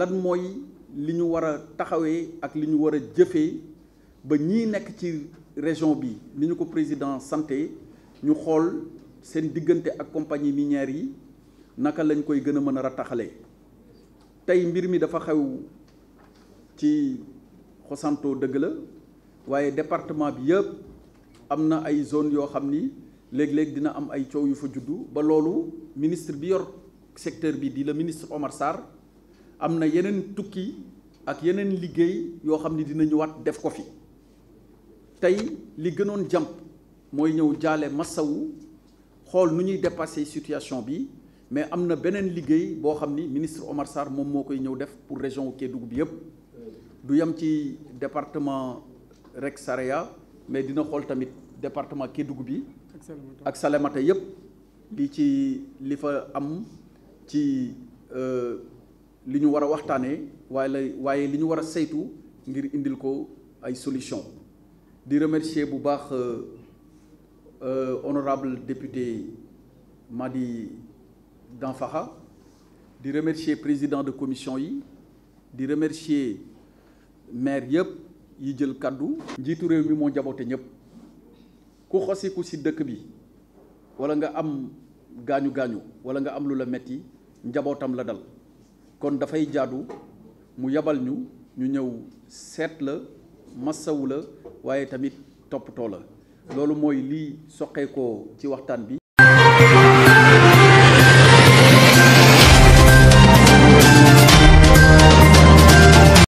lan mooy li ñu war a taxawee ak li ñu war a jëfee ba ñii nekk ci région bi ni ñu ko président santé ñu xool seen diggante ak compagnie minière yi naka lañ koy gën a mën a rataxalee tey mbir mi dafa xew ci Xosanto dëgg la waaye département bi yëpp am na ay zone yoo xam ni léeg-léeg dina am ay coow yu fa juddu ba loolu ministre bi yor secteur bi di la ministre Omar sar amna yenen tuki tukki ak yenen liggéey yo xamni ni wat def ko fi tay li gënoon jamp moy ñew jaale massawu xol nu ñuy dépasser situation bi mais amna benen beneen bo xamni ministre Omar Sarr mom mo koy ñew def pour région Kédougou bi yépp du yam ci département rek Saraya mais dina xol tamit département Kédougou bi ak Salémata yépp li ci li fa am ci euh, li ñu war a waxtaanee waaye la waaye li ñu war a saytu ngir indil ko ay solution di remercier bu baax euh, euh, honorable député Madi Danfaha di remercier président de commission yi di remercier maire yëpp yi jël kaddu. njiitu réew mi moo njaboote ñëpp ku xosiku si dëkk bi wala nga am gaañu gaañu wala nga am lu la metti njabootam la dal. kon dafay jaadu mu yabal ñu ñu ñëw seet la massawu la waaye tamit toppatoo la loolu mooy lii soqeekoo ci waxtaan bi